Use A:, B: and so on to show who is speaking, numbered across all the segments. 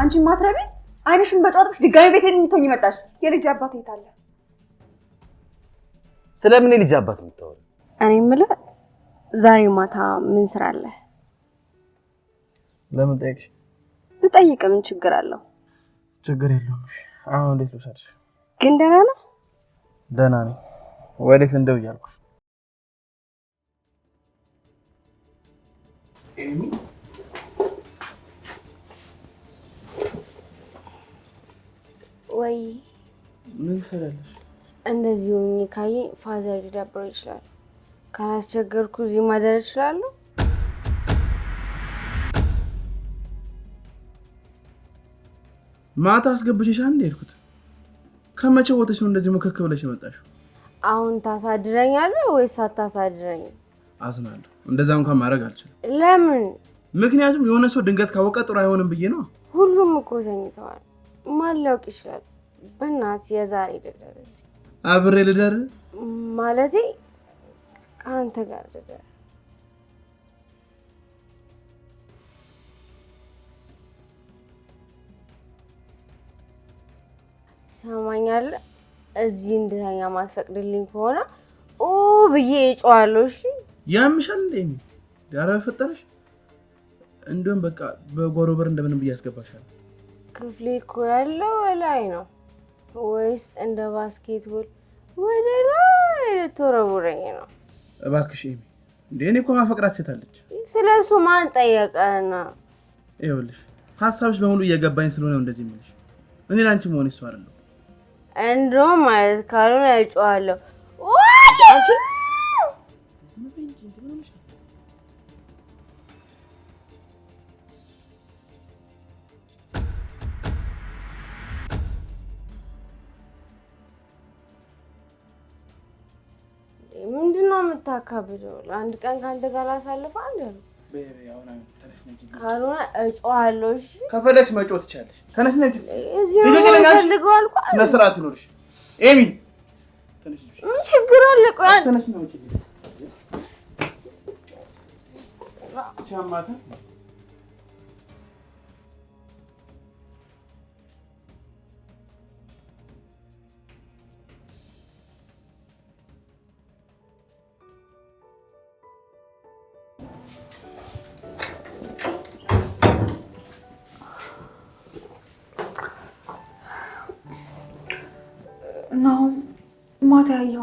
A: አንቺ ማትረቢ አይንሽን በጨዋታሽ ድጋሚ ቤት የምትሆኝ ይመጣሽ። የልጅ አባት የት አለ?
B: ስለምን የልጅ አባት የምታወሪ?
A: እኔ የምልህ ዛሬ ማታ ምን ስራ አለ? ለምን ጠይቅሽ? ብጠይቅ ምን ችግር አለው?
B: ችግር የለውም። አሁን እንዴት ልውሰድሽ? ግን ደህና ነው? ደህና ነው። ወዴት እንደው እያልኩሽ ወይ ምን ትሰራለሽ?
A: እንደዚህ ሆኜ ካየኝ ፋዘር ሊዳብረው ይችላል። ካላስቸገርኩ እዚህ ማደር እችላለሁ።
B: ማታ አስገብቼሽ አንድ ሄድኩት። ከመቼ ወተሽ ነው እንደዚህ ሙከክ ብለሽ የመጣሽው?
A: አሁን ታሳድረኛለህ ወይስ አታሳድረኝም?
B: አዝናለሁ። እንደዛ እንኳን ማድረግ አልችልም። ለምን? ምክንያቱም የሆነ ሰው ድንገት ካወቀ ጥሩ አይሆንም ብዬ ነው።
A: ሁሉም እኮ ተኝተዋል። ማን ሊያውቅ ይችላል? በእናትህ የዛሬ ልደር
B: አብሬ ልደር
A: ማለቴ ከአንተ ጋር ልደር። ሰማኛለ እዚህ እንድተኛ ማስፈቅድልኝ ከሆነ ኦ ብዬ እጮሃለሁ። እሺ
B: ያምሻል እንዴ? ኧረ በፈጠረሽ እንደውም በቃ በጓሮ በር እንደምንም ብዬ ያስገባሻል።
A: ክፍሌ እኮ ያለው ላይ ነው ወይስ እንደ ባስኬትቦል ወደ ላይ ልትወረውረኝ ነው?
B: እባክሽ ኤሚ፣ እንደ እኔ እኮ ማፈቅራት ሴት አለች።
A: ስለ እሱ ማን ጠየቀና?
B: ይኸውልሽ ሀሳብሽ በሙሉ እየገባኝ ስለሆነ እንደዚህ የምልሽ እኔ ለአንቺ መሆን ይሷ አለሁ።
A: እንደውም ማለት ካልሆነ ያጨዋለሁ። አታካብደውል። አንድ ቀን ከአንተ ጋር አሳልፈ አንድ ነው ካልሆነ እጮሃለሁ።
B: ከፈለግሽ መጮት ትቻለሽ። ተነሽ ነጅ ፈልገው ስነ ስርዓት ይኖርሽ ኤሚ።
A: ምን ችግር አለ? ቆይ
B: ተነሽ ቻማትን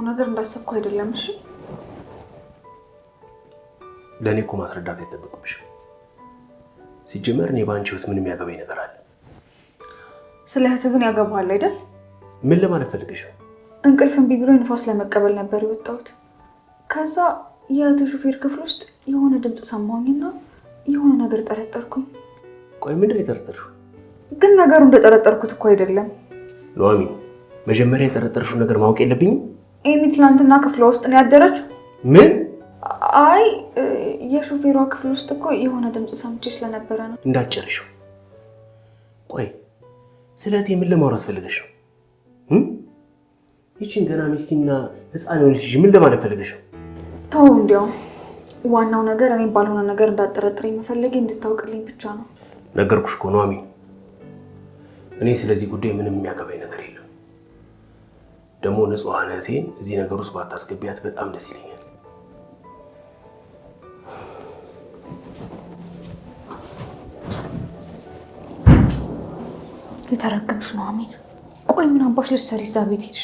A: ነገር እንዳሰብኩ አይደለም። እሺ
B: ለእኔ እኮ ማስረዳት አይጠበቅብሽም። ሲጀመር እኔ በአንቺ ህይወት ምንም ያገባኝ ነገር አለ።
A: ስለ እህትህ ግን ያገባሃል አይደል?
B: ምን ለማለት ፈልገሽ?
A: እንቅልፍ እምቢ ብሎ ንፋስ ለመቀበል ነበር የወጣሁት። ከዛ የእህትህ ሹፌር ክፍል ውስጥ የሆነ ድምፅ ሰማሁኝና የሆነ ነገር ጠረጠርኩኝ።
B: ቆይ ምንድን የጠረጠርሽው?
A: ግን ነገሩ እንደጠረጠርኩት እኮ አይደለም
B: ኑሐሚን። መጀመሪያ የጠረጠርሽው ነገር ማወቅ የለብኝም?
A: ኤሚ ትናንትና ክፍሏ ውስጥ ነው ያደረችው። ምን? አይ የሹፌሯ ክፍል ውስጥ እኮ የሆነ ድምፅ ሰምቼ ስለነበረ ነው።
B: እንዳትጨርሺው። ቆይ ስለቴ ምን ለማውራት ፈልገሽ ነው? ይቺን ገና ሚስኪና ሕፃን የሆነች ልጅ ምን ለማለት ፈልገሽ ነው?
A: ተው፣ እንዲያውም ዋናው ነገር እኔ ባልሆነ ነገር እንዳጠረጥር መፈለጌ እንድታውቅልኝ ብቻ ነው።
B: ነገርኩሽ እኮ ነው እኔ ስለዚህ ጉዳይ ምንም የሚያገባኝ ነገር የለም። ደግሞ ንጹሕ እህቴን እዚህ ነገር ውስጥ ባታስገቢያት በጣም ደስ ይለኛል።
A: የተረገምሽ ነው አሚን። ቆይ ምን አባሽ ልትሰሪ እዛ ቤት ሄድሽ?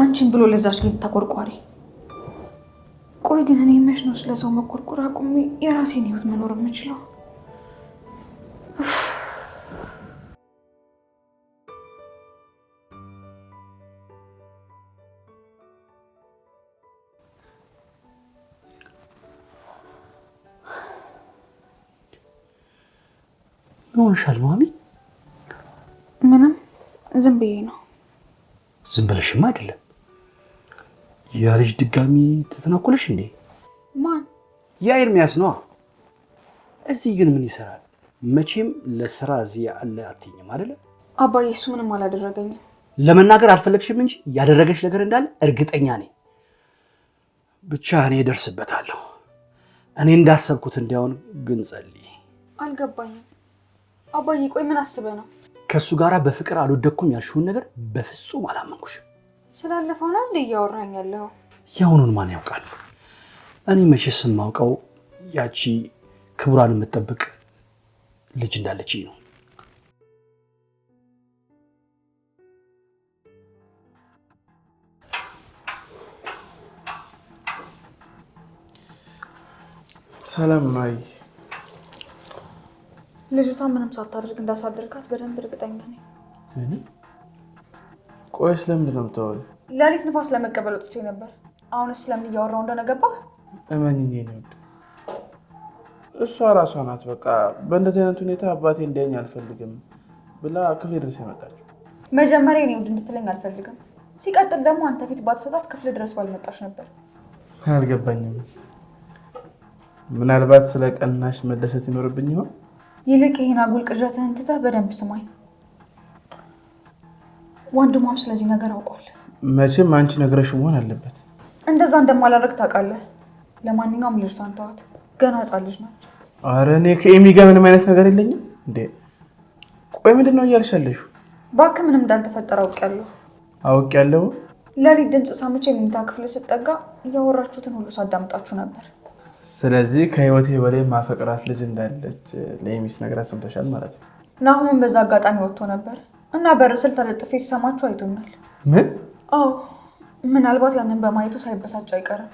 A: አንቺን ብሎ ለዛች ግን ተቆርቋሪ። ቆይ ግን እኔ መች ነው ስለሰው መቆርቆር አቁሜ የራሴን ህይወት መኖር የምችለው?
B: ምን ሆነሻል ማሚ?
A: ምንም ዝም ብዬ ነው።
B: ዝም ብለሽማ አይደለም። ያ ልጅ ድጋሚ ተተናኮለሽ እንዴ? ማን? ያ ኤርሚያስ ነዋ። እዚህ ግን ምን ይሰራል? መቼም ለስራ እዚህ ያለ አትይኝም አይደለ?
A: አባዬ እሱ ምንም አላደረገኝም።
B: ለመናገር አልፈለግሽም እንጂ ያደረገች ነገር እንዳለ እርግጠኛ ነኝ። ብቻ እኔ እደርስበታለሁ። እኔ እንዳሰብኩት እንዲያውን ግን ጸልይ።
A: አልገባኝም አባዬ ቆይ ምን አስበህ ነው?
B: ከእሱ ጋር በፍቅር አልወደኩም ያልሽውን ነገር በፍጹም አላመንኩሽም።
A: ስላለፈው ነው እንዴ እያወራኝ ያለው?
B: የአሁኑን ማን ያውቃል? እኔ መቼ ስማውቀው ያቺ ክቡራን የምትጠብቅ ልጅ እንዳለች ነው። ሰላም ማይ
A: ልጅቷ ምንም ሳታደርግ እንዳሳደርጋት በደንብ እርግጠኛ ነኝ።
B: ቆይ ስለምንድን ነው የምታወሪው?
A: ሌሊት ንፋስ ለመቀበል ወጥቼ ነበር። አሁንስ ስለምን እያወራው እንደሆነ ገባህ?
B: እመኝኝ ነው እሷ ራሷ ናት። በቃ በእንደዚህ አይነት ሁኔታ አባቴ እንዲያኝ አልፈልግም ብላ ክፍሌ ድረስ የመጣችው።
A: መጀመሪያ እኔ ውድ እንድትለኝ አልፈልግም። ሲቀጥል ደግሞ አንተ ፊት ባትሰጣት ክፍል ድረስ ባልመጣች ነበር።
B: አልገባኝም። ምናልባት ስለ ቀናሽ መደሰት ይኖርብኝ ይሆን?
A: ይልቅ ይህን አጉል ቅዠትህን ትተህ በደንብ ስማኝ። ወንድሟም ስለዚህ ነገር አውቋል።
B: መቼም አንቺ ነግረሽ መሆን አለበት።
A: እንደዛ እንደማላደርግ ታውቃለህ። ለማንኛውም ልጅቷን ተዋት፣ ገና ሕፃን ልጅ ናቸው።
B: አረ እኔ ከኤሚ ጋር ምንም አይነት ነገር የለኝም እንዴ። ቆይ ምንድን ነው እያልሻለሽ?
A: እባክህ ምንም እንዳልተፈጠረ አውቄያለሁ። አውቄያለሁ። ለሊት ድምፅ ሳምቼ መኝታ ክፍል ስጠጋ እያወራችሁትን ሁሉ ሳዳምጣችሁ ነበር።
B: ስለዚህ ከህይወቴ በላይ ማፈቅራት ልጅ እንዳለች ለሚስ ነግራት ሰምተሻል ማለት ነው።
A: ናሁምን በዛ አጋጣሚ ወጥቶ ነበር እና በር ስል ተለጥፌ ሲሰማችሁ አይቶኛል። ምን? አዎ፣ ምናልባት ያንን በማየቱ ሳይበሳጭ አይቀርም።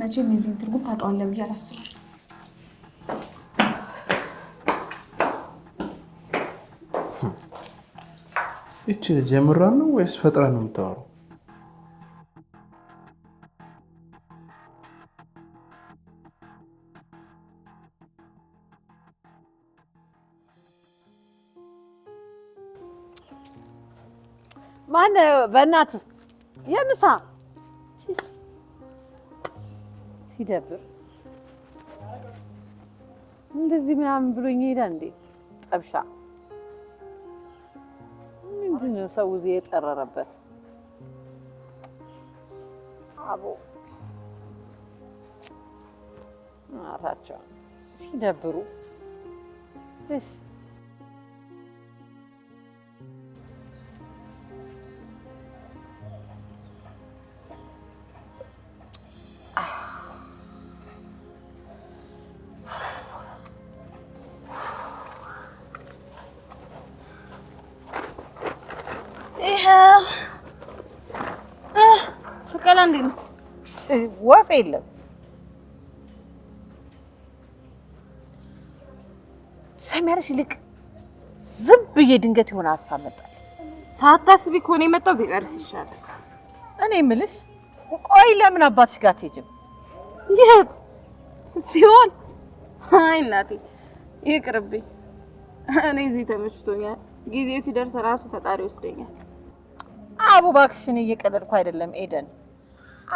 A: መቼም የዚህን ትርጉም ታውቀዋለህ ብዬ አላስብም።
B: ይቺ ልጅ የምራ ነው ወይስ ፈጥረን ነው የምታወራው?
C: ማን በእናት የምሳ ሲደብር እንደዚህ ምናምን ብሎኝ ይሄዳል እንዴ? ጠብሻ ምንድን ነው ሰው እዚህ የጠረረበት? አቦ እናታቸው ሲደብሩ ወፍ የለም። ሰሚያለሽ ይልቅ ዝም ብዬ ድንገት የሆነ ሀሳብ መጣል።
A: ሳታስቢ ከሆነ የመጣው ቢቀርስ ይሻላል።
C: እኔ የምልሽ ቆይ ለምን አባትሽ ጋር አትሄጂም?
A: የት ሲሆን? አይ እናቴ ይቅርብኝ። እኔ እዚህ ተመችቶኛል። ጊዜው ሲደርስ ራሱ ፈጣሪ ወስደኛል።
C: አቡ እባክሽን እየቀለድኩ አይደለም ኤደን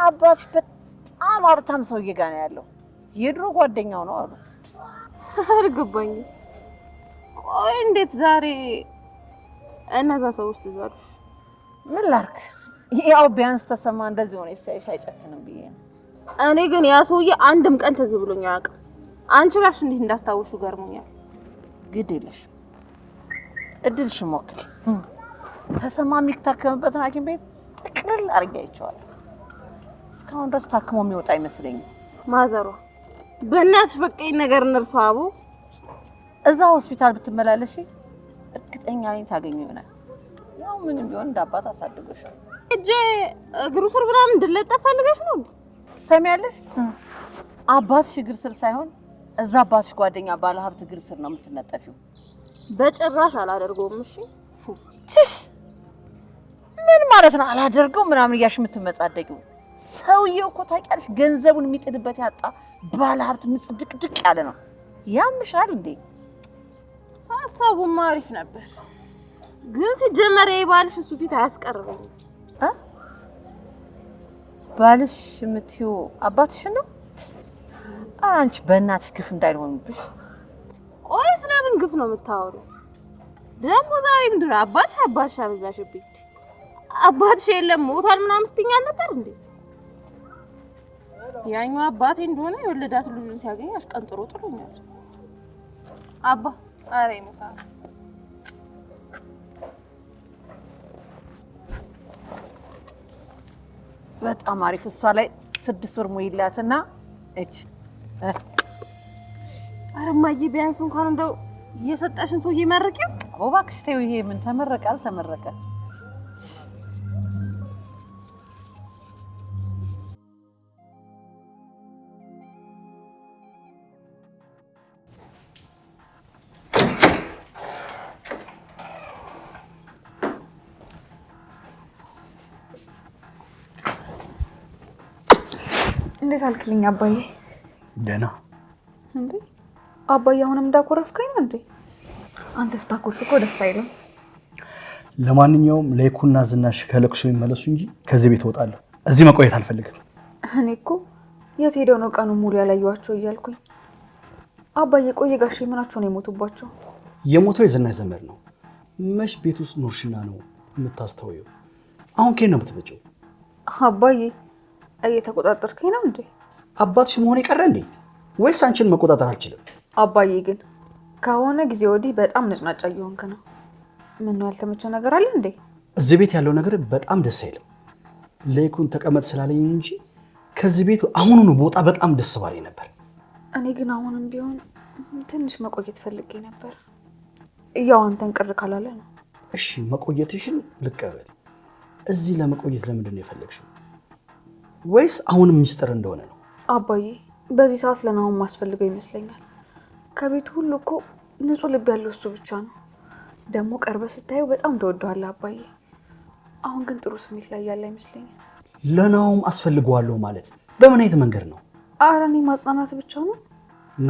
C: አባትሽ በጣም ሀብታም ሰውዬ ጋ ነው ያለው። የድሮ ጓደኛው ነው አሉ።
A: አልገባኝም።
C: ቆይ እንዴት ዛሬ እነዛ ሰዎች ትዝ አሉሽ? ምን ላርክ? ያው ቢያንስ ተሰማ እንደዚህ ሆነ ሳይሽ አይጨክንም ብዬ ነው።
A: እኔ ግን ያ ሰውዬ አንድም ቀን ትዝ ብሎኝ አያውቅም። አንቺ ራሽ እንዴት እንዳስታወሹ ገርሞኛል።
C: ግድ የለሽም፣ እድልሽ ሞክል። ተሰማ የሚታከምበትን ሐኪም ቤት ጥቅልል አድርጌ አይቼዋለሁ። እስካሁን ድረስ ታክሞ የሚወጣ አይመስለኝም።
A: ማዘሯ በእናትሽ በቀኝ ነገር እንርሷ አቦ
C: እዛ ሆስፒታል ብትመላለሽ እርግጠኛ ነኝ ታገኙ ይሆናል። ያው ምንም ቢሆን እንደ አባት አሳድጎሻል።
A: እጄ እግሩ ስር ምናምን እንድለጠፍ ፈልገሽ ነው
C: ትሰሚያለሽ? አባትሽ እግር ስር ሳይሆን እዛ አባትሽ ጓደኛ ባለ ሀብት እግር ስር ነው የምትነጠፊው።
A: በጭራሽ አላደርገውም።
C: እሺ ምን ማለት ነው? አላደርገው ምናምን እያልሽ የምትመጻደቂው ሰውየው እኮ ታውቂያለሽ፣ ገንዘቡን የሚጥልበት ያጣ ባለሀብት ምጽድቅድቅ ያለ ነው። ያምሻል እንዴ?
A: ሀሳቡማ አሪፍ ነበር፣ ግን ሲጀመር ባልሽ እሱ ፊት አያስቀርበኝ።
C: ባልሽ የምትይው አባትሽን ነው? አንቺ በእናትሽ ግፍ እንዳይሆንብሽ።
A: ቆይ ስለምን ግፍ ነው የምታወሩ? ደግሞ ዛሬ ምንድን ነው አባትሽ አባትሽ አበዛሽብኝ። አባትሽ የለም ሞቷል ምናምን ስትይኝ አልነበር እንዴ? ያኛው አባቴ እንደሆነ የወለዳት ልጁን ሲያገኝ አሽቀንጥሮ ጥሎኛል። አባ አረ ይመሳ
C: በጣም አሪፍ። እሷ ላይ ስድስት ወር ሙይላትና እች
A: አረ ቢያንስ እንኳን እንደው እየሰጠሽን ሰው ይው
C: እባክሽ ተይው። ይሄ ምን ተመረቀ አልተመረቀ
A: እንዴት አልክልኝ አባዬ? ደህና እንዴ? አባዬ አሁንም እንዳኮረፍከኝ ነው እንዴ? አንተ ስታኮርፍ እኮ ደስ አይልም።
B: ለማንኛውም ለይኩና ዝናሽ ከለቅሶ ይመለሱ እንጂ ከዚህ ቤት እወጣለሁ። እዚህ መቆየት አልፈልግም።
A: እኔ እኮ የት ሄደው ነው ቀኑ ሙሉ ያላየኋቸው እያልኩኝ። አባዬ ቆየ ጋሽ ምናቸው ነው የሞቱባቸው?
B: የሞተው የዝናሽ ዘመድ ነው። መች ቤት ውስጥ ኖርሽና ነው የምታስተውየው? አሁን ከየት ነው የምትመጪው?
A: አባዬ እየተቆጣጠርከኝ ነው እንዴ?
B: አባትሽ መሆን የቀረ እንዴ? ወይስ አንቺን መቆጣጠር አልችልም?
A: አባዬ ግን ከሆነ ጊዜ ወዲህ በጣም ነጭናጫ እየሆንክ ነው። ምነው ያልተመቸው ነገር አለ እንዴ?
B: እዚህ ቤት ያለው ነገር በጣም ደስ አይልም። ለይኩን ተቀመጥ ስላለኝ እንጂ ከዚህ ቤት አሁኑኑ ቦታ በጣም ደስ ባለኝ ነበር።
A: እኔ ግን አሁንም ቢሆን ትንሽ መቆየት ፈልጌ ነበር። ያው አንተን ቅር ካላለ ነው።
B: እሺ መቆየትሽን ልቀበል። እዚህ ለመቆየት ለምንድን ነው የፈለግሽው? ወይስ አሁንም ሚስጥር እንደሆነ ነው?
A: አባዬ በዚህ ሰዓት ለናሁን ማስፈልገው ይመስለኛል። ከቤቱ ሁሉ እኮ ንጹህ ልብ ያለው እሱ ብቻ ነው። ደግሞ ቀርበ ስታየው በጣም ተወደዋለ አባዬ። አሁን ግን ጥሩ ስሜት ላይ ያለ አይመስለኛል።
B: ለናሁም አስፈልገዋለሁ ማለት በምን አይነት መንገድ ነው?
A: አረ እኔ ማጽናናት ብቻ ነው።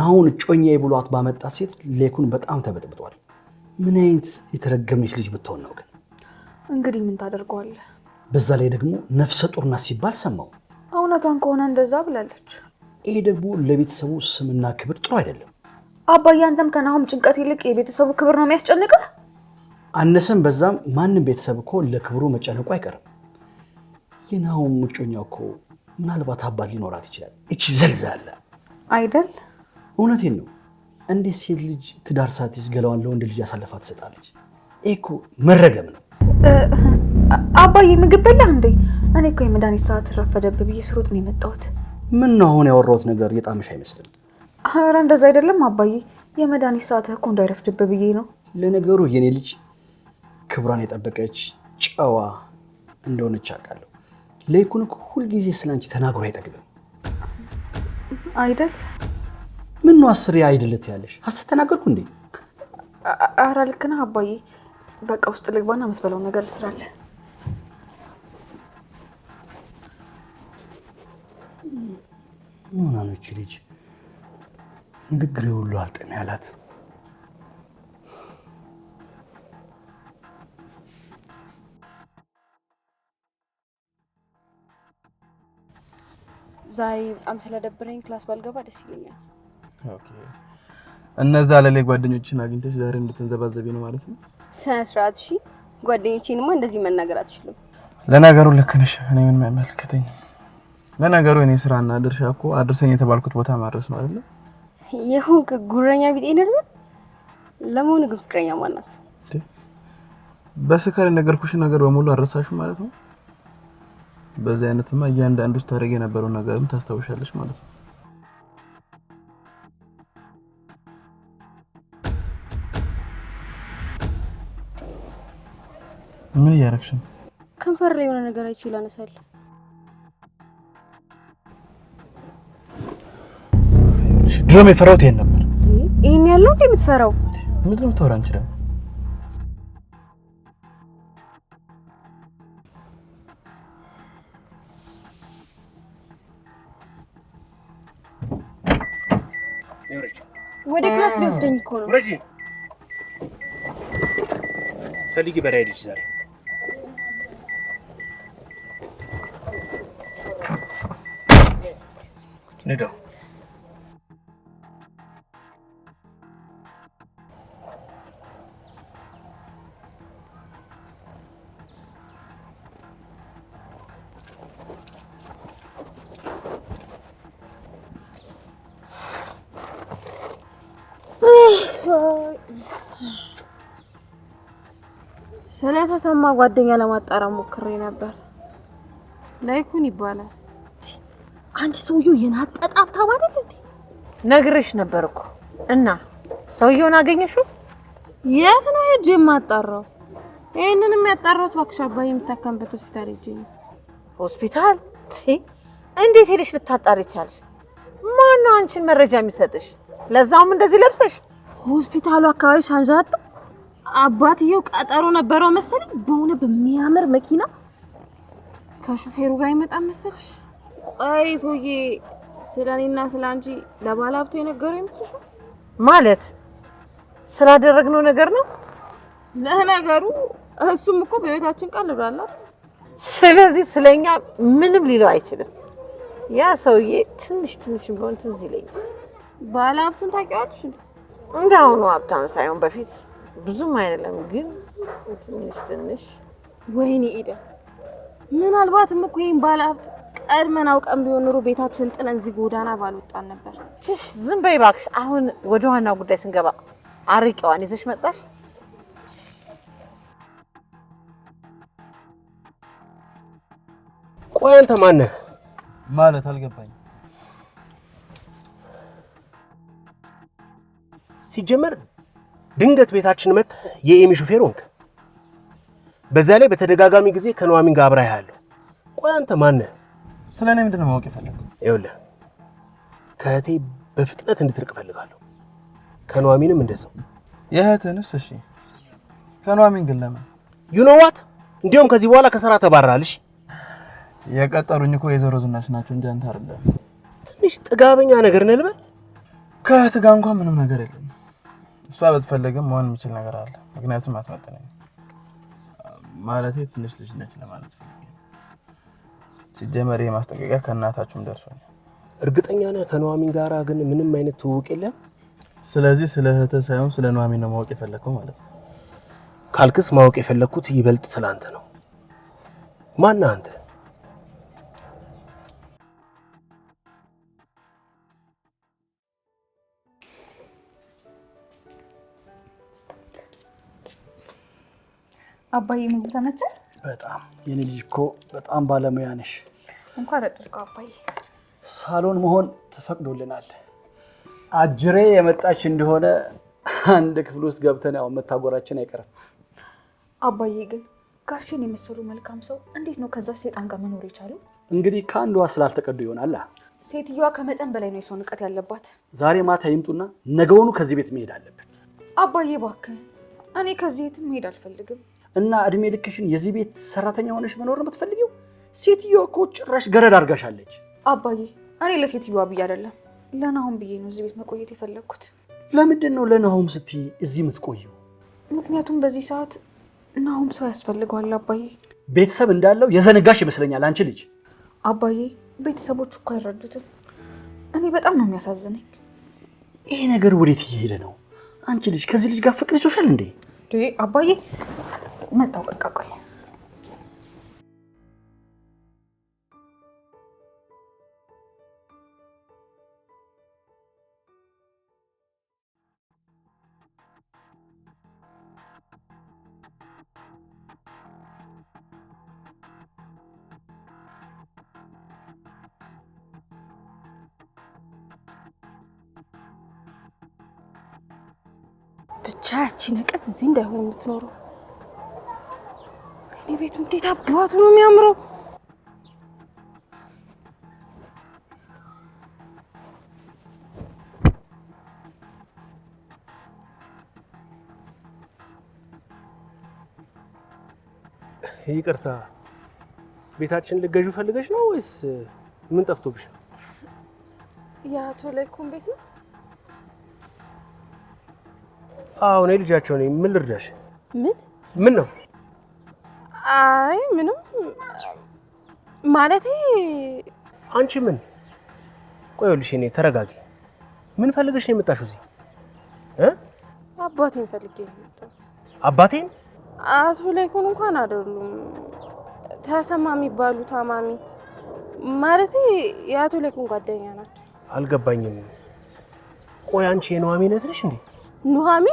B: ናሁን እጮኛዬ ብሏት ባመጣት ሴት ሌኩን በጣም ተበጥብጧል። ምን አይነት የተረገመች ልጅ ብትሆን ነው ግን?
A: እንግዲህ ምን ታደርገዋለህ?
B: በዛ ላይ ደግሞ ነፍሰ ጡር ሲባል ሰማው።
A: እውነቷን ከሆነ እንደዛ ብላለች።
B: ይሄ ደግሞ ለቤተሰቡ ስምና ክብር ጥሩ አይደለም።
A: አባዬ፣ አንተም ከናሁም ጭንቀት ይልቅ የቤተሰቡ ክብር ነው የሚያስጨንቀው
B: አነሰም በዛም ማንም ቤተሰብ እኮ ለክብሩ መጨነቁ አይቀርም። የናሁም ምጮኛ እኮ ምናልባት አባት ሊኖራት ይችላል። እቺ ዘልዛለ አይደል? እውነቴን ነው። እንዴት ሴት ልጅ ትዳር ሳትይዝ ገላዋን ለወንድ ልጅ አሳልፋ ትሰጣለች? ይሄ እኮ መረገም ነው።
A: አባዬ ምግብ በላ እንዴ? እኔ እኮ የመድኃኒት ሰዓት ረፈደብህ ብዬ ስሮጥ ነው የመጣሁት።
B: ምን ነው አሁን ያወራሁት ነገር የጣምሽ አይመስልም?
A: ኧረ እንደዛ አይደለም አባዬ፣ የመድኃኒት ሰዓት እኮ እንዳይረፍድብህ ብዬ ነው።
B: ለነገሩ የኔ ልጅ ክብሯን የጠበቀች ጨዋ እንደሆነች አውቃለሁ። ለይኩን እኮ ሁልጊዜ ስለ አንቺ ተናግሮ አይጠግብም አይደል? ምን ነው አስሬ አይደለት ያለሽ ሀሰት ተናገርኩ እንዴ?
A: ኧረ ልክ ነህ አባዬ። በቃ ውስጥ ልግባና የምትበላው ነገር ልስራለን።
B: ሆና ነው ይቺ ልጅ? ንግግሬ ሁሉ አልጥም ያላት።
A: ዛሬ በጣም ስለደበረኝ ክላስ ባልገባ ደስ ይለኛል።
B: እነዛ ለላይ ጓደኞችን አግኝተሽ ዛሬ እንድትንዘባዘቢ ነው ማለት ነው።
A: ስነ ስርዓት። እሺ ጓደኞቼንማ እንደዚህ መናገር አትችልም።
B: ለነገሩ ልክ ነሽ። እኔ ምን አይመለከተኝም ለነገሩ እኔ ስራና ድርሻ እኮ አድርሰኝ የተባልኩት ቦታ ማድረስ ነው አይደለ?
A: ይሁን ጉረኛ ቢጤ ነበር። ለመሆኑ ግን ፍቅረኛ ማናት?
B: በስካር የነገርኩሽ ነገር በሙሉ አረሳሽ ማለት ነው። በዚህ አይነትማ እያንዳንዱ ውስጥ ታደርግ የነበረው ነገርም ታስታውሻለሽ ማለት ነው። ምን እያደረግሽ ነው?
A: ከንፈር ላይ የሆነ ነገር አይቼ ላነሳለሁ
B: ድሮም የፈራሁት ይሄን ነበር።
A: ይሄን ያለው እንዴ የምትፈራው?
B: ምንድን ነው የምታወራው አንቺ ደግሞ?
A: ወደ ክላስ ሊወስደኝ እኮ ነው።
B: ረጂ ስትፈልጊ በላይ ልጅ ዛሬ ንዳው
A: ስለ ተሰማ ጓደኛ ለማጣራ ሞክሬ ነበር። ላይኩን ይባላል። አንድ ሰውየው የናጠጣ ሀብታም አይደል እንዴ?
C: ነግሬሽ ነበር እኮ እና ሰውየውን አገኘሽው?
A: የት ነው ሄጄ የማጣራው? ይህንን የሚያጣራው እባክሽ አባዬ የሚታከምበት ሆስፒታል ሄጄ ነው።
C: ሆስፒታል? እንዴት ሄደሽ ልታጣሪ ቻልሽ? ማነው አንቺን መረጃ የሚሰጥሽ? ለዛውም እንደዚህ ለብሰሽ
A: ሆስፒታሉ አካባቢ ሻንዣጦ አባትየው ቀጠሮ ነበረው መሰለኝ። በሆነ በሚያምር መኪና ከሹፌሩ ጋር ይመጣ መሰለሽ። ቆይ ሰውዬ ስለ እኔና ስለ አንቺ ለባለ ሀብቱ የነገረው
C: ማለት ስላደረግነው ነገር ነው።
A: ለነገሩ እሱም እኮ በህይወታችን ቃል
C: ስለዚህ ስለኛ ምንም ሊለው አይችልም። ያ ሰውዬ ትንሽ ትንሽ ቢሆን ትዝ ይለኛል።
A: ባለ ሀብቱን ታውቂዋለሽ?
C: እንደ አሁኑ ሀብታም ሳይሆን በፊት ብዙም አይደለም፣ ግን
A: ትንሽ ትንሽ። ወይኔ ኢደ ምናልባትም እኮ ይህን ባለሀብት ቀድመን አውቀን ቢሆን ኑሮ ቤታችንን ጥለን እዚህ ጎዳና ባልወጣን ነበር።
C: ትሽ ዝም በይ እባክሽ። አሁን ወደ ዋናው ጉዳይ ስንገባ አርቄዋን ይዘሽ መጣሽ?
B: ቆይ አንተ ማነህ? ማለት አልገባኝ ሲጀመር ድንገት ቤታችን መጥ የኤሚ ሹፌር ሆንክ። በዛ ላይ በተደጋጋሚ ጊዜ ከኑሐሚን ጋር አብራ ያለው። ቆይ አንተ ነህ? ስለ እኔ ምንድን ነው ማወቅ የፈለግኩት? ይኸውልህ ከእህቴ በፍጥነት እንድትርቅ እፈልጋለሁ። ከኑሐሚንም እንደዛው። የእህትህንስ? እሺ ከኑሐሚን ግን ለምን? ዩ ኖ ዋት እንዲሁም ከዚህ በኋላ ከስራ ተባራልሽ። የቀጠሩኝ እኮ የዘሮ ዝናሽ ናቸው እንጂ አንተ አይደለም። ትንሽ ጥጋበኛ ነገር ነህ ልበል። ከእህት ጋር እንኳን ምንም ነገር የለም እሷ በተፈለገም መሆን የሚችል ነገር አለ። ምክንያቱም አትመጥነኝ ማለት ትንሽ ልጅ ነች ለማለት ሲጀመር የማስጠንቀቂያ ከእናታችሁም ደርሶኛል። እርግጠኛ ነህ ከኑሐሚን ጋራ ግን ምንም አይነት ትውውቅ የለም? ስለዚህ ስለ እህትህ ሳይሆን ስለ ኑሐሚን ነው ማወቅ የፈለግከው ማለት ነው? ካልክስ ማወቅ የፈለግኩት ይበልጥ ስለ አንተ ነው። ማነህ አንተ?
A: አባዬ ምግብ ተመቸ?
B: በጣም የኔ ልጅ እኮ በጣም ባለሙያ ነሽ።
A: እንኳን አደረገው አባዬ።
B: ሳሎን መሆን ተፈቅዶልናል። አጅሬ የመጣች እንደሆነ አንድ ክፍል ውስጥ ገብተን ያው መታጎራችን አይቀርም።
A: አባዬ ግን ጋሽን የመሰሉ መልካም ሰው እንዴት ነው ከዛ ሴጣን ጋር መኖር የቻለው?
B: እንግዲህ ከአንዷ ስላልተቀዱ ይሆናል።
A: ሴትዮዋ ከመጠን በላይ ነው የሰው ንቀት ያለባት።
B: ዛሬ ማታ ይምጡና ነገውኑ ከዚህ ቤት መሄድ አለብን።
A: አባዬ እባክህ፣ እኔ ከዚህ ቤት መሄድ አልፈልግም።
B: እና እድሜ ልክሽን የዚህ ቤት ሰራተኛ ሆነሽ መኖር ነው የምትፈልጊው? ሴትዮዋ እኮ ጭራሽ ገረድ አድርጋሻለች።
A: አባዬ እኔ ለሴትዮዋ ብዬ አይደለም ለናሁም ብዬ ነው እዚህ ቤት መቆየት የፈለግኩት።
B: ለምንድን ነው ለናሁም ስትይ እዚህ የምትቆየው?
A: ምክንያቱም በዚህ ሰዓት ናሁም ሰው ያስፈልገዋል አባዬ።
B: ቤተሰብ እንዳለው የዘነጋሽ ይመስለኛል አንቺ ልጅ።
A: አባዬ ቤተሰቦች እኮ አይረዱትም። እኔ በጣም ነው የሚያሳዝነኝ።
B: ይሄ ነገር ወዴት እየሄደ ነው? አንቺ ልጅ ከዚህ ልጅ ጋር ፍቅር ይዞሻል እንዴ?
A: አባዬ መጣሁ። በቃ ቆይ ብቻ ያቺ እዚህ እንዳይሆን የምትኖረው ቤቱ እንዴት አባቱ ነው የሚያምረው!
B: ይቅርታ ቤታችን ልገዥ ፈልገሽ ነው ወይስ ምን ጠፍቶብሻል?
A: የአቶ ለይኩን ቤት ነው።
B: አዎ እኔ ልጃቸው ነኝ። ምን ልርዳሽ? ምን ምን ነው
A: አይ ምንም ማለቴ
B: አንቺ ምን ቆይልሽ? እኔ ተረጋጊ። ምን ፈልገሽ ነው የመጣሽው እዚህ? እ
A: አባቴን ፈልጌ ነው የመጣሁት። አባቴን? አቶ ላይኩን እንኳን አይደሉም። ተሰማ የሚባሉ ታማሚ ማለቴ የአቶ ላይኩን ጓደኛ ናቸው።
B: አልገባኝም። ቆይ አንቺ የኑሐሚ ነት ነሽ እንዴ?
A: ኑሐሚ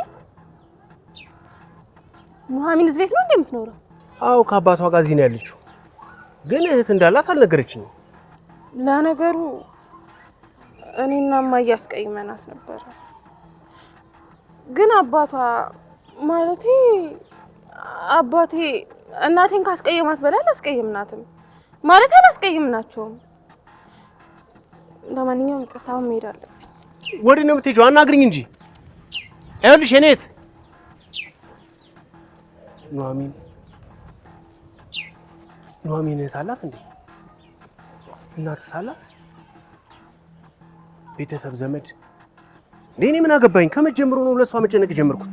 A: ኑሐሚን እዚህ ቤት ነው እንደምትኖረው?
B: አዎ ከአባቷ ጋር እዚህ ነው ያለችው፣ ግን እህት እንዳላት አልነገረችኝም።
A: ለነገሩ እኔና እማዬ አስቀይመናት ነበረ። ግን አባቷ ማለቴ አባቴ እናቴን ካስቀየማት በላይ አላስቀየምናትም ማለት አላስቀየምናቸውም። ለማንኛውም ይቅርታውን መሄድ አለብኝ።
B: ወዲህ ነው የምትሄጂው? አናግሪኝ እንጂ ይኸውልሽ የኔ እህት ኑሐሚን ኑሐሚን እህት አላት እንዴ? እናትስ አላት? ቤተሰብ ዘመድ? እንዴ እኔ ምን አገባኝ? ከመቼ ጀምሮ ነው ለእሷ መጨነቅ ጀመርኩት?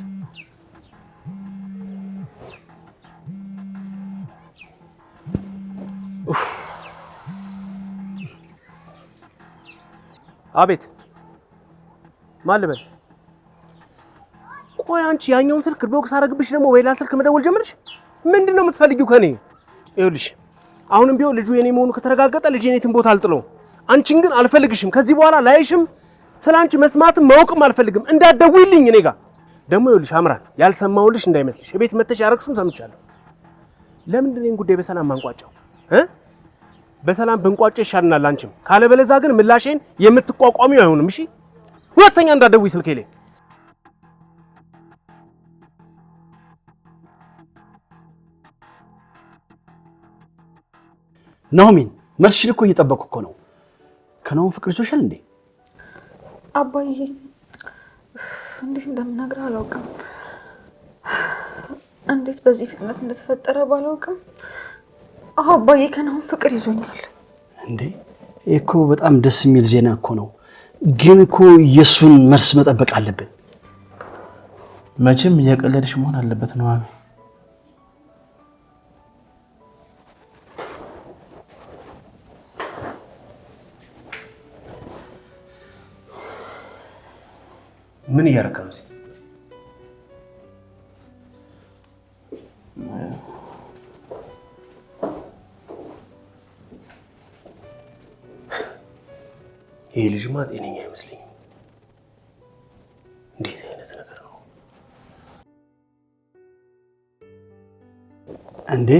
B: አቤት ማን ልበል? ቆይ አንቺ ያኛውን ስልክ ቦክስ አረግብሽ ደግሞ ወይላ ስልክ መደወል ጀመርሽ? ምንድን ነው የምትፈልጊው ከኔ? ይኸውልሽ አሁንም ቢሆን ልጁ የኔ መሆኑ ከተረጋገጠ ልጅ የኔትን ቦታ አልጥለውም። አንቺን ግን አልፈልግሽም። ከዚህ በኋላ ላይሽም፣ ስለ አንቺ መስማትም ማወቅም አልፈልግም። እንዳትደውይልኝ እኔ ጋር ደግሞ ይኸውልሽ፣ አምራን ያልሰማሁልሽ እንዳይመስልሽ። የቤት መተሽ ያረግሹን ሰምቻለሁ። ለምንድን ነው ጉዳይ በሰላም ማንቋጫው? በሰላም ብንቋጭ ይሻልናል። አንቺም ካለበለዛ ግን ምላሼን የምትቋቋሚው አይሆንም። እሺ፣ ሁለተኛ እንዳትደውይ ስልኬ ላይ ኑሐሚን መልስሽን እኮ እየጠበኩ እኮ ነው። ከናሆም ፍቅር ይዞሻል እንዴ?
A: አባዬ እንዴት እንደምነግርህ አላውቅም። እንዴት በዚህ ፍጥነት እንደተፈጠረ ባላውቅም፣ አሁ አባዬ ከናሆም ፍቅር ይዞኛል።
B: እንዴ እኮ በጣም ደስ የሚል ዜና እኮ ነው። ግን እኮ የእሱን መልስ መጠበቅ አለብን። መቼም እያቀለድሽ መሆን አለበት ኑሐሚን ምን እያደረክ ነው እዚህ? ይህ ልጅማ ጤነኛ አይመስለኝም። እንዴት አይነት ነገር ነው እንዴ?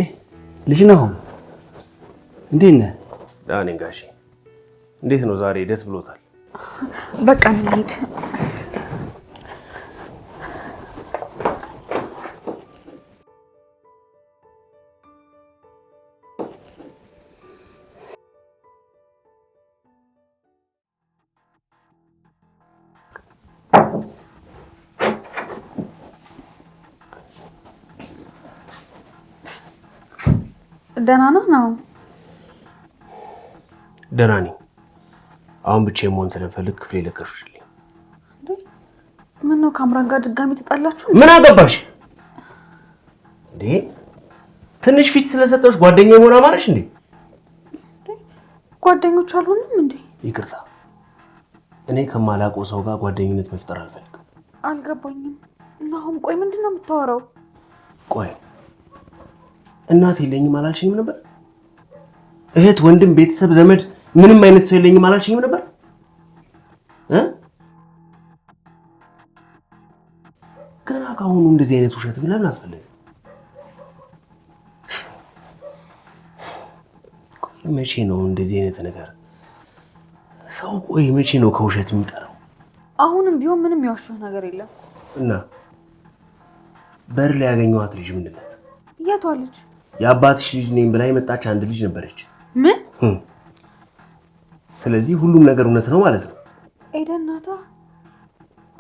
B: ልጅ ነው። እንዴት ነህ? ዳኔ ጋሼ፣ እንዴት ነው ዛሬ? ደስ ብሎታል።
A: በቃ እንሂድ። ደህና ነው ነው?
B: ደህና ነኝ። አሁን ብቻዬን መሆን ስለምፈልግ ክፍሌ ለቀሽልኝ።
A: ምነው ከአምራን ጋር ድጋሚ ተጣላችሁ?
B: ምን አገባሽ እንዴ? ትንሽ ፊት ስለሰጠሽ ጓደኛ መሆን አማረሽ እንዴ?
A: ጓደኞች አልሆንም እንዴ?
B: ይቅርታ፣ እኔ ከማላውቀው ሰው ጋር ጓደኝነት መፍጠር አልፈልግም።
A: አልገባኝም። እና አሁን ቆይ፣ ምንድን ነው የምታወራው?
B: ቆይ እናት የለኝም አላልሽኝም ነበር? እህት፣ ወንድም፣ ቤተሰብ፣ ዘመድ ምንም አይነት ሰው የለኝም አላልሽኝም ነበር? ገና ከአሁኑ እንደዚህ አይነት ውሸት ለምን አስፈለገ? መቼ ነው እንደዚህ አይነት ነገር ሰው ቆይ መቼ ነው ከውሸት የሚጠራው?
A: አሁንም ቢሆን ምንም የዋሸሁት ነገር የለም።
B: እና በር ላይ ያገኘኋት ልጅ ምንድን ናት? የቷ ልጅ? የአባትሽ ልጅ ነኝ ብላ የመጣች አንድ ልጅ ነበረች። ምን? ስለዚህ ሁሉም ነገር እውነት ነው ማለት ነው።
A: ኤደን ናታ።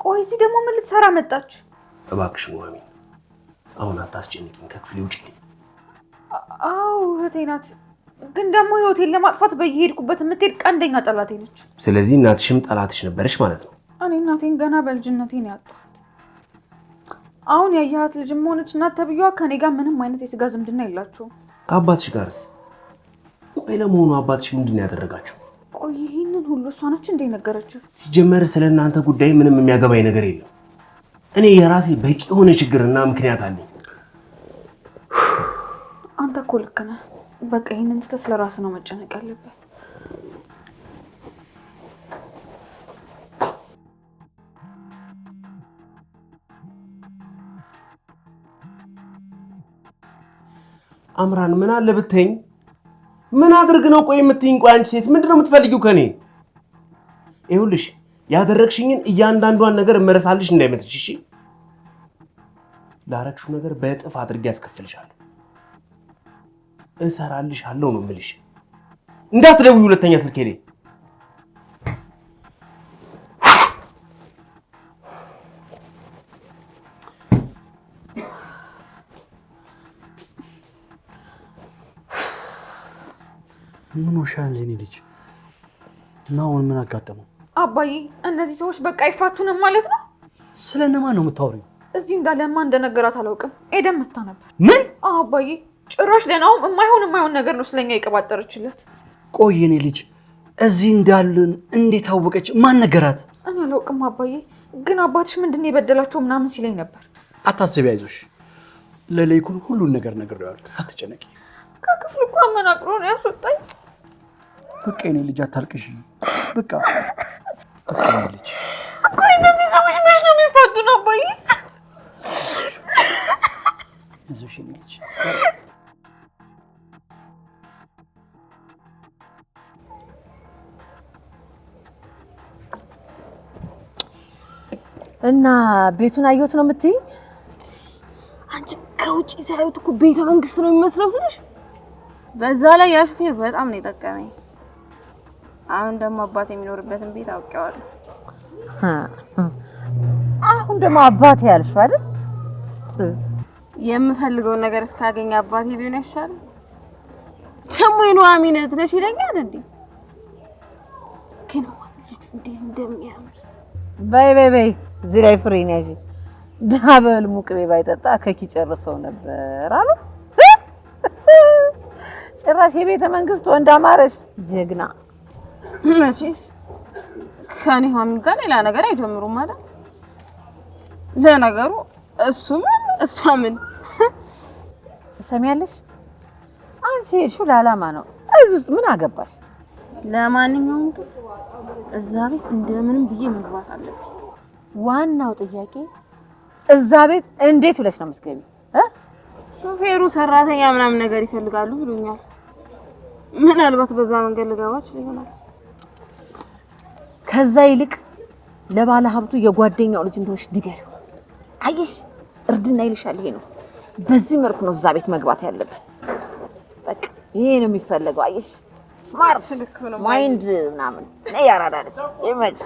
A: ቆይ እዚህ ደግሞ ምን ልትሰራ መጣች?
B: እባክሽ ኑሐሚ አሁን አታስጨንቂኝ፣ ከክፍሌ ውጭልኝ።
A: አዎ እህቴ ናት፣ ግን ደግሞ ህይወቴን ለማጥፋት በየሄድኩበት የምትሄድ ቀንደኛ ጠላቴ ነች።
B: ስለዚህ እናትሽም ጠላትሽ ነበረች ማለት ነው።
A: እኔ እናቴን ገና በልጅነቴ ነው ያጣሁ። አሁን ያየሃት ልጅም ሆነች እናት ተብዬዋ ከኔ ጋር ምንም አይነት የስጋ ዝምድና የላችሁ
B: ከአባትሽ ጋርስ? ቆይ ለመሆኑ አባትሽ ምንድን ነው ያደረጋቸው?
A: ቆይ ይህንን ሁሉ እሷ ነች እንደ ነገረችው?
B: ሲጀመር ስለ እናንተ ጉዳይ ምንም የሚያገባኝ ነገር የለም። እኔ የራሴ በቂ የሆነ ችግርና ምክንያት አለኝ።
A: አንተ እኮ ልክ ነህ። በቃ ይህንን ስለ ራስህ ነው መጨነቅ ያለበት።
B: አምራን ምን አለ ብትኝ ምን አድርግ ነው ቆይ የምትይኝ? ቆይ አንቺ ሴት ምንድነው የምትፈልጊው ከኔ? ይኸውልሽ ያደረግሽኝን እያንዳንዷን ነገር እመረሳልሽ እንዳይመስልሽ እሺ። ላረግሽው ነገር በእጥፍ አድርጌ ያስከፍልሻለሁ፣ አለው ነው የምልሽ። እንዳትደውይ ሁለተኛ ስልኬ ላይ ምን ሆነሻል የኔ ልጅ? እና አሁን ምን አጋጠመው?
A: አባዬ እነዚህ ሰዎች በቃ አይፋቱንም ማለት ነው።
B: ስለ እነማን ነው የምታወሪው?
A: እዚህ እንዳለ ማን እንደነገራት አላውቅም። ኤደን መታ ነበር። ምን? አባዬ ጭራሽ ደህናውም የማይሆን የማይሆን ነገር ነው ስለኛ የቀባጠረችለት።
B: ቆይ የኔ ልጅ እዚህ እንዳለን እንዴት አወቀች? ማን ነገራት?
A: እኔ አላውቅም አባዬ። ግን አባትሽ ምንድን የበደላቸው ምናምን ሲለኝ ነበር።
B: አታስቢ፣ አይዞሽ። ለለይኩን ሁሉን ነገር ነግሬዋለሁ። አትጨነቂ።
A: ከክፍል እኮ አመናቅሮ ነው ያስወጣኝ።
B: በቃ የኔ ልጅ አታልቅሽ። በቃ
A: ልጅ ቆይ፣ እነዚህ ሰዎች መች ነው የሚፋዱ? ነው አባዬ
B: እሺ ልጅ
C: እና ቤቱን አየሁት ነው የምትይኝ?
A: አንቺ ከውጭ ሲያዩት እኮ ቤተ መንግስት ነው የሚመስለው ስልሽ። በዛ ላይ ያ ሹፌር በጣም ነው የጠቀመኝ። አሁን ደግሞ አባት የሚኖርበትን ቤት አውቄዋለሁ።
C: አሁን ደግሞ አባቴ ያልሽው አይደል?
A: የምፈልገውን ነገር እስካገኝ አባቴ ቢሆን ያሻል። ደግሞ የኑሐሚ እህት ነሽ ይለኛል። እንዴ ግን ልጁ እንዴት እንደሚያምር
C: በይ በይ በይ፣ እዚህ ላይ ፍሬ ነሽ። ዳበል ሙቅ ባይጠጣ ከኪ ጨርሰው ነበር አሉ። ጭራሽ የቤተ መንግስት ወንድ አማረሽ ጀግና
A: መቼስ ከኔ ሀሚ ጋር ሌላ ነገር አይጀምሩም ማለት ለነገሩ እሱ ምን እሷ ምን
C: ትሰሚያለሽ? አንቺ እሹ ለዓላማ ነው እዚህ ውስጥ ምን አገባሽ?
A: ለማንኛውም ግን እዛ ቤት እንደምንም ብዬ መግባት አለብኝ። ዋናው ጥያቄ
C: እዛ ቤት እንዴት ብለሽ ነው የምትገቢ?
A: ሹፌሩ ሰራተኛ ምናምን ነገር ይፈልጋሉ ብሎኛል። ምናልባት በዛ መንገድ ልገባ ይችላል።
C: ከዛ ይልቅ ለባለ ሀብቱ የጓደኛው ልጅ እንደሆነች ንገሪው። አይሽ እርድና ይልሻል። ይሄ ነው፣ በዚህ መልኩ ነው እዛ ቤት መግባት ያለብን። በቃ ይሄ ነው የሚፈለገው። አይሽ ስማርት ማይንድ ምናምን ያራዳለች ይመጭ